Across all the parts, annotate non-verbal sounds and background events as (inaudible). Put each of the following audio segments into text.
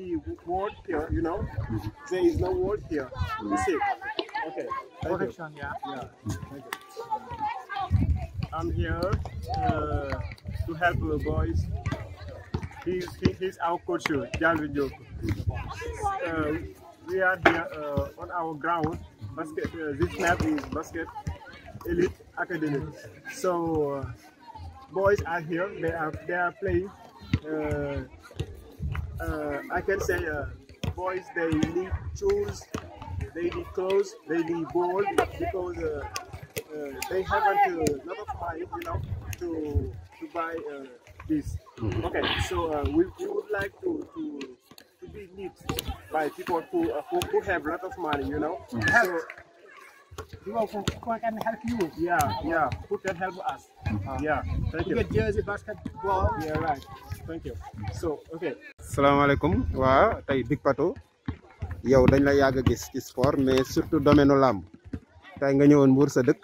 the word here, you know? There is no word here. You see? Okay. Thank Correction, you. yeah. Yeah. Thank you. I'm here uh, to help the boys. He's, he, he's our coach, Jalvi Uh, we are here uh, on our ground. Basket, uh, this map is Basket Elite Academy. So, uh, boys are here. They are, they are playing. Uh, uh, I can say uh, boys they need shoes, they need clothes, they need ball because uh, uh, they have a lot of money, you know, to to buy uh, this. Mm-hmm. Okay, so uh, we, we would like to, to to be neat by people who who, who, have a lot of money, you know. Mm-hmm. So, people who, who can help you. Yeah, yeah. Who can help us? Uh mm-hmm. -huh. Yeah. Thank you. You get jersey, basketball. Yeah, right. Thank you. So, okay. assalamualaikum wa tay Big Pato yow dañ la yag gis ci sport mais surtout domaine lam tay nga ñewon Mbour sa dekk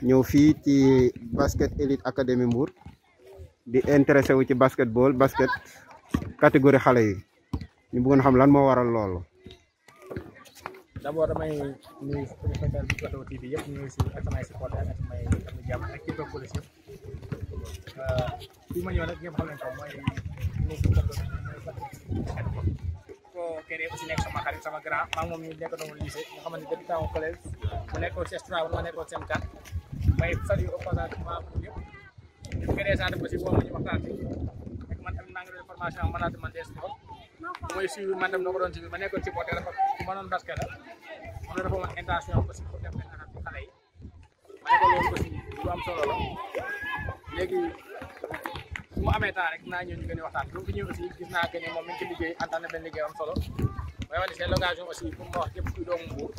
ñew fi ci basket elite academy Mbour di intéressé wu ci basketball basket catégorie xalé yi ñu bëggon xam lan mo waral lool d'abord damay ñu sponsor ci Pato TV yépp ñu ci si ak ak samay am jamm ak ci topp police euh fi ma ñëw nak ñëpp xam nañ ko moy nekk kenn aussi nekk sama xarit sama grand maa moom ñu nekk doon lycée nga xamante ne depuis temps collège mu nekkoon ci S3 ma nekkoon seen kat may saluer au passage maa bëgg yëpp ñu créé centre aussi boo ma ñu waxtaan ci ak man tamit maa ngi doon formation management des sports mooy suivre man tam na ko doon suivre ma nekkoon ci boppam dafa ma doon basket la ma doon defoon intention aussi pour def benn xale yi ma nekkoon loolu aussi lu am solo la léegi su ma amee temps rek naa ñëw ñu gën a waxtaan bu fi ñëw aussi gis naa que ne moom mi ngi ci liggéey antan na benn liggéey am solo mooy wane seen location aussi pour ma wax jëpp ci doomu mbuur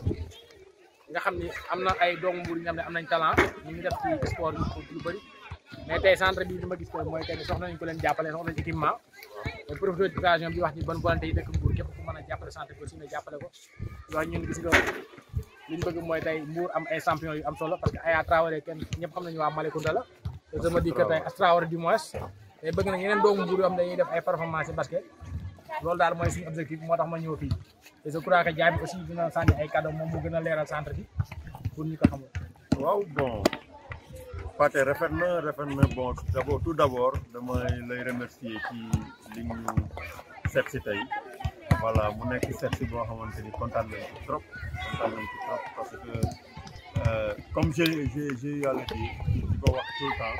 nga xam ni am na ay doomu mbuur yi nga xam ne am nañ talent ñu ngi def ci sport bi pour lu bëri mais tey centre bi li ma gis ko mooy que ni soxla nañ ko leen jàppale soxla équipement mais profité d' occasion bi wax ni bonne volonté yi dëkk mbuur képp ku mën a jàppale centre bi aussi ne jàppale ko wax ñun gis nga li ñu bëgg mooy tey mbuur am ay champion yu am solo parce que Aya Traoré kenn ñëpp xam nañu waa Malicounda la te sama di que tey Traoré du day bëgg nag yeneen doomu buur yoo dañuy def ay performance basket loolu daal mooy suñu objectif moo tax ma ñëw fii te je crois que jaay bi aussi dina sànni ay cadeau moom moo gën a leeral centre bi pour ñu ko xamul. waaw bon Pathé rafet na rafet na bon d' abord tout d' abord damay lay remercier ci li ñu seet si tey voilà mu nekk seet si boo xamante ni kontaan ci trop kontaan nañ ci trop parce que euh, comme j'ai j'ai eu à le dire di ko wax tout le temps.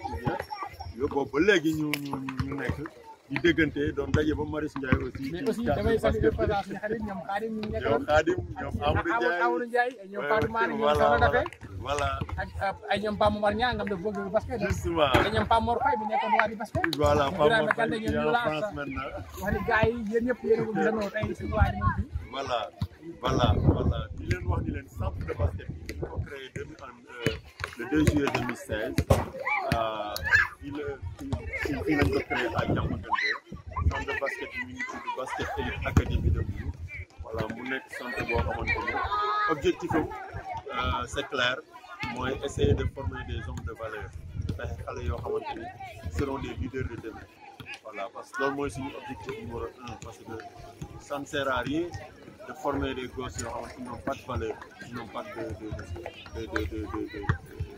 boobu ba léegi ñu ñu ñu nekk di déggante doon daje ba Marius Ndiaye aussi. ci aussi damay salué présence bi xarit ñoom xaadim ñu nekk ñoom xaadim ñoom Amadou Ndiaye ñoom Fatou Mane ñoom Soxna Dafe voilà ak ay ñoom Pape Mor Niang nga xam ne bëgg bu basket justement ak ñoom Pape Mor Faye bi nekkoon waa di basket voilà Pape Mor Faye ñu la France maintenant wax ni gars yi yéen ñëpp yéen a ko gisandoo tey si waa ñoom bi voilà voilà voilà di leen wax ni leen centre de basket bi ñu ko créé en euh, le 2 juillet 2016 il il lañ ko créé à Diamaguène 2 centre de basket du ñu du basket de académie de Boulogne. voilà mon nekk centre boo de objectif c'est clair moi, essayer de former des hommes de valeur fexe xale de xamante ne seront des leaders de demain voilà parce que moi, mon objectif numéro un parce que ça ne sert à rien de former des gosses yoo xamante qui n'ont pas de valeur n'ont pas de de de de de.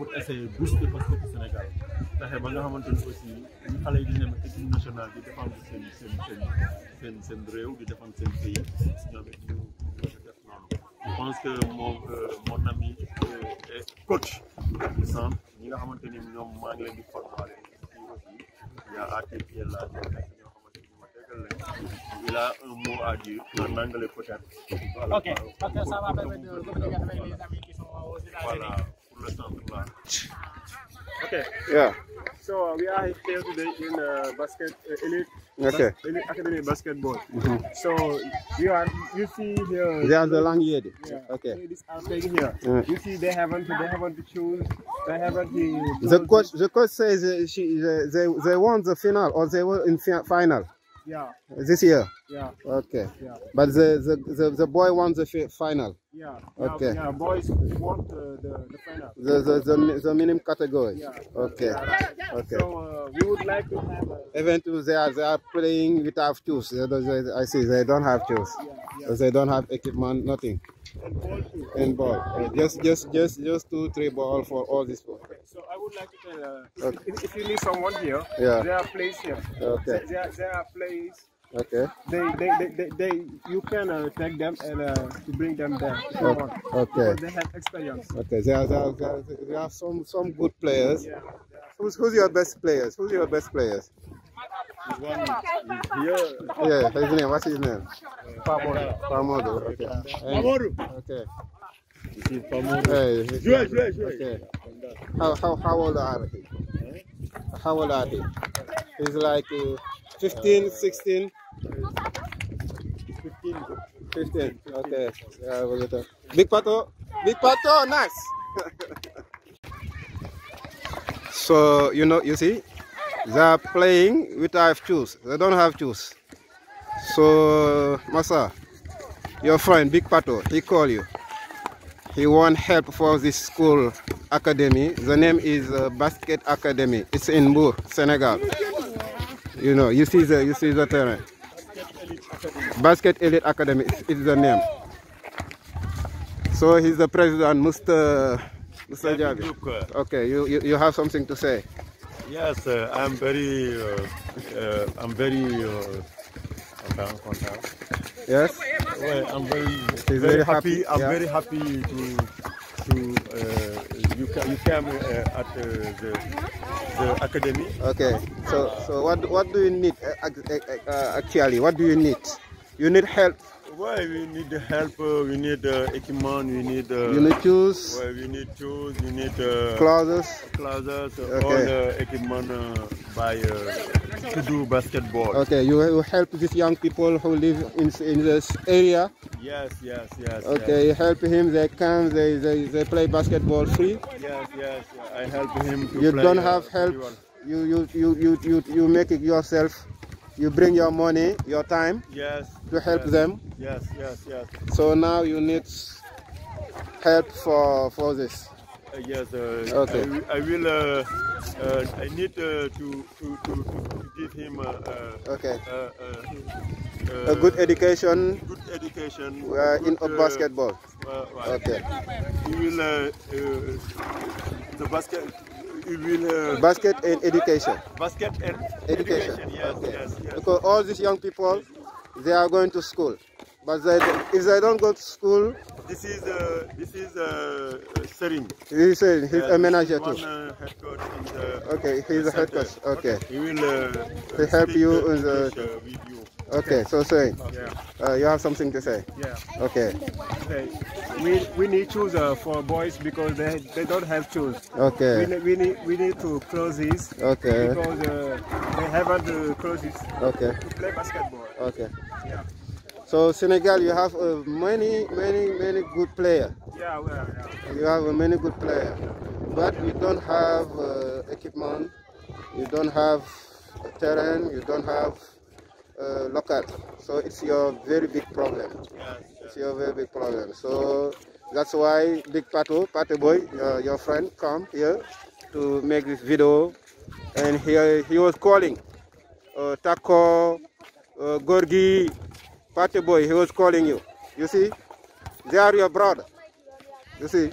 pour essayer booster basketu Sénégal fexe ba nga xamante ni aussi ñu xale yi di dem équipe nationale di défendre seen sen seen seen réew di défendre seen pays ñoom it ñu def noonu. je pense que mon euh, ami euh, et coach ñi nga xamante ni ñoom maa ngi leen di former fii aussi y a à tes pieds là il a un mot à dire Ok, de communiquer avec les amis qui sont aux États-Unis. Okay. Yeah. So uh, we are here today in uh, basket uh, elite, okay. bas elite academy basketball. Mm -hmm. So you are you see here. They are the long year. Yeah. Okay. This are playing here. You see they haven't they haven't choose they haven't. Uh, the, the coach the coach says uh, she uh, they they won the final or they were in final. Yeah. This year? Yeah. Okay. Yeah. But the, the, the, the boy wants the final? Yeah. Okay. Yeah, boys want the, the, the final. The, the, the, the minimum category? Yeah. Okay. Yeah. Okay. So uh, we would like to have... A... Even to they are, they are playing without tools. They, they, I see, they don't have tools. Yeah. yeah. They don't have equipment, nothing. And ball. And ball. Just, just, just, just two, three ball for all these boys would like to tell uh, okay. if, if, you need someone here, yeah. there are places here. Okay. There, there are places. Okay. They, they, they, they, they, you can uh, take them and uh, to bring them there. Okay. okay. they have experience. Okay. There, there, there, there are some, some good players. Yeah. Who's, who's your best players? Who's your best players? One, yeah. yeah, his name, what's his name? Pamodo. Pamodo, okay. Pamodo. Okay. This is Pamodo. Hey, Okay. How, how, how old are he? How old are he? He's like uh, 15, 16? 15. 15, okay. Yeah, we'll get Big Pato! Big Pato! Nice! (laughs) so, you know, you see, they are playing without shoes. They don't have shoes. So, Masa, your friend Big Pato, he call you. He want help for this school Academy. The name is uh, Basket Academy. It's in Bour, Senegal. You know, you see the you see the terrain. Basket Elite Academy is the name. So he's the president, Mr. Mr. Okay, you, you you have something to say? Yes, uh, uh, I'm very uh, I'm very Yes. Well, I'm very, very, very happy. happy. I'm yeah. very happy to to uh, you you came uh, at uh, the, the academy. Okay. So so what what do you need uh, uh, uh actually? What do you need? You need help why we need help, uh, we need uh, equipment, we need... Uh, you need shoes? Why we need shoes, we need... Uh, clothes? Clothes, uh, okay. all the uh, equipment uh, by, uh, to do basketball. Okay, you, you help these young people who live in, in this area? Yes, yes, yes. Okay, yes. help him, they come, they, they, they play basketball free? Yes, yes, I help him to You play, don't have help? You, you, you, you, you, you make it yourself? You bring your money, your time? Yes. To help yes. them? Yes, yes, yes. So now you need help for, for this? Uh, yes, uh, okay. I, I will. Uh, uh I need uh, to, to, to, to give him. Uh, okay. a good education. Good education. in basketball. Right. Okay. He will the basket. He will basket and education. Basket and education. education. Yes, okay. yes, yes. Because all these young people they are going to school. But they if they don't go to school, this is uh, this is uh, Serin. This is He's a manager too. One, uh, head coach in the okay, he's a head coach. Okay. He will uh, he help you uh, in the. Uh, with you. Okay, so say, yeah. uh, you have something to say? Yeah. Okay. okay. We, we need shoes uh, for boys because they, they don't have shoes. Okay. We, we, need, we need to close this. Okay. Because uh, they haven't uh, closed this. Okay. To play basketball. Okay. Yeah. So Senegal, you have uh, many, many, many good players. Yeah, well, yeah. You have uh, many good players, but you don't have uh, equipment, you don't have terrain, you don't have uh, local. So it's your very big problem. it's your very big problem. So that's why Big Pato, Pato Boy, uh, your friend, come here to make this video. And he, he was calling uh, Taco, uh, Gorgi, Pato Boy, he was calling you. You see, they are your brother. You see,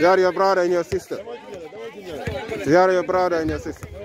they are your brother and your sister. They are your brother and your sister.